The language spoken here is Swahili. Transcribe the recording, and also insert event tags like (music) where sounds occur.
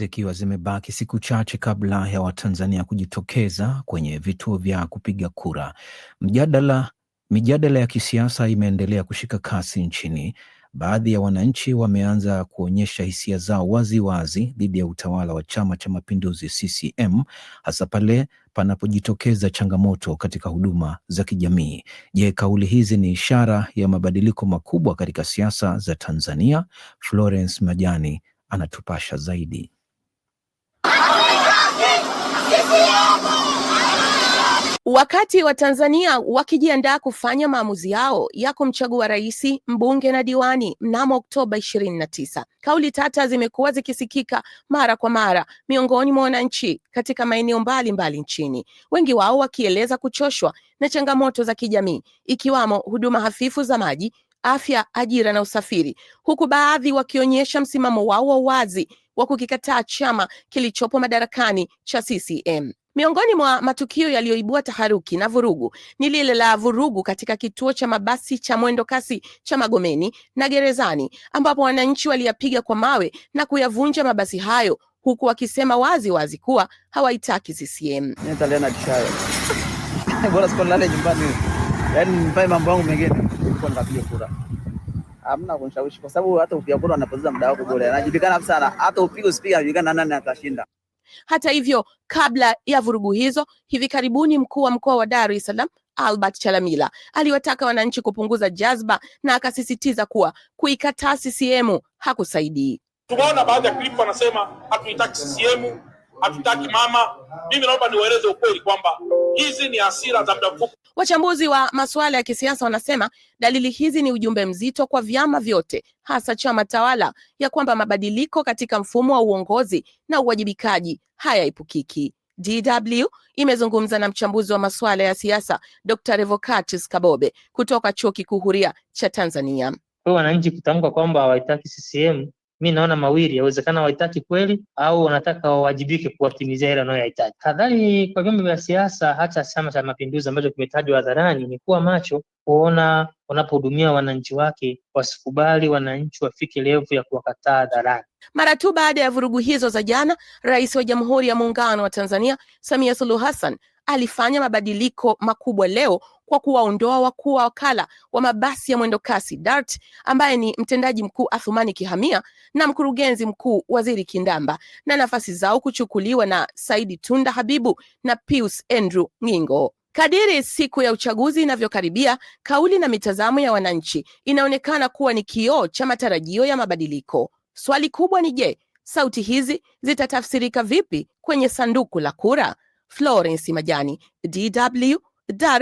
Zikiwa zimebaki siku chache kabla ya Watanzania kujitokeza kwenye vituo vya kupiga kura, mjadala mijadala ya kisiasa imeendelea kushika kasi nchini. Baadhi ya wananchi wameanza kuonyesha hisia zao wazi wazi dhidi ya utawala wa Chama cha Mapinduzi CCM, hasa pale panapojitokeza changamoto katika huduma za kijamii. Je, kauli hizi ni ishara ya mabadiliko makubwa katika siasa za Tanzania? Florence Majani anatupasha zaidi. Wakati wa tanzania wakijiandaa kufanya maamuzi yao ya kumchagua rais, mbunge na diwani mnamo Oktoba 29, kauli tata zimekuwa zikisikika mara kwa mara miongoni mwa wananchi katika maeneo mbalimbali nchini, wengi wao wakieleza kuchoshwa na changamoto za kijamii ikiwamo huduma hafifu za maji, afya, ajira na usafiri, huku baadhi wakionyesha msimamo wao wa wazi wa kukikataa chama kilichopo madarakani cha CCM. Miongoni mwa matukio yaliyoibua taharuki na vurugu ni lile la vurugu katika kituo cha mabasi cha mwendo kasi cha Magomeni na Gerezani, ambapo wananchi waliyapiga kwa mawe na kuyavunja mabasi hayo, huku wakisema wazi wazi kuwa hawaitaki CCM. (laughs) Bora sikolale nyumbani, yaani nipae mambo yangu mengine nilikuwa nikapiga kura. Hamna kunishawishi kwa sababu hata upiga kura unapoteza muda wako bure. Anajulikana kabisa na hata upige usipige anajulikana nani atashinda. Hata hivyo, kabla ya vurugu hizo, hivi karibuni mkuu wa mkoa wa Dar es Salaam Albert Chalamila aliwataka wananchi kupunguza jazba na akasisitiza kuwa kuikataa CCM hakusaidii. Tumeona baadhi ya klipu wanasema hatuitaki CCM, hatutaki mama. Mimi naomba niwaeleze ukweli kwamba hizi ni hasira za muda mfupi. Wachambuzi wa masuala ya kisiasa wanasema dalili hizi ni ujumbe mzito kwa vyama vyote, hasa chama tawala, ya kwamba mabadiliko katika mfumo wa uongozi na uwajibikaji hayaepukiki. DW imezungumza na mchambuzi wa masuala ya siasa Dr. Revocatus Kabobe kutoka Chuo Kikuu Huria cha Tanzania. wananchi kutamka kwamba hawahitaki CCM mi naona mawili, yawezekana wahitaki kweli au wanataka wawajibike kuwatimizia yale wanayoyahitaji. Kadhali kwa vyombo vya siasa, hata Chama cha Mapinduzi ambacho kimetajwa hadharani, ni kuwa macho kuona wanapohudumia wananchi wake, wasikubali wananchi wafike levu ya kuwakataa hadharani. Mara tu baada ya vurugu hizo za jana, Rais wa Jamhuri ya Muungano wa Tanzania Samia Suluhu Hassan alifanya mabadiliko makubwa leo kwa kuwaondoa wakuu wa wakala wa mabasi ya mwendokasi DART ambaye ni mtendaji mkuu Athumani Kihamia na mkurugenzi mkuu Waziri Kindamba na nafasi zao kuchukuliwa na Saidi Tunda Habibu na Pius Andrew Ngingo. Kadiri siku ya uchaguzi inavyokaribia, kauli na mitazamo ya wananchi inaonekana kuwa ni kioo cha matarajio ya mabadiliko. Swali kubwa ni je, sauti hizi zitatafsirika vipi kwenye sanduku la kura? Florence Magliani, DW, Darry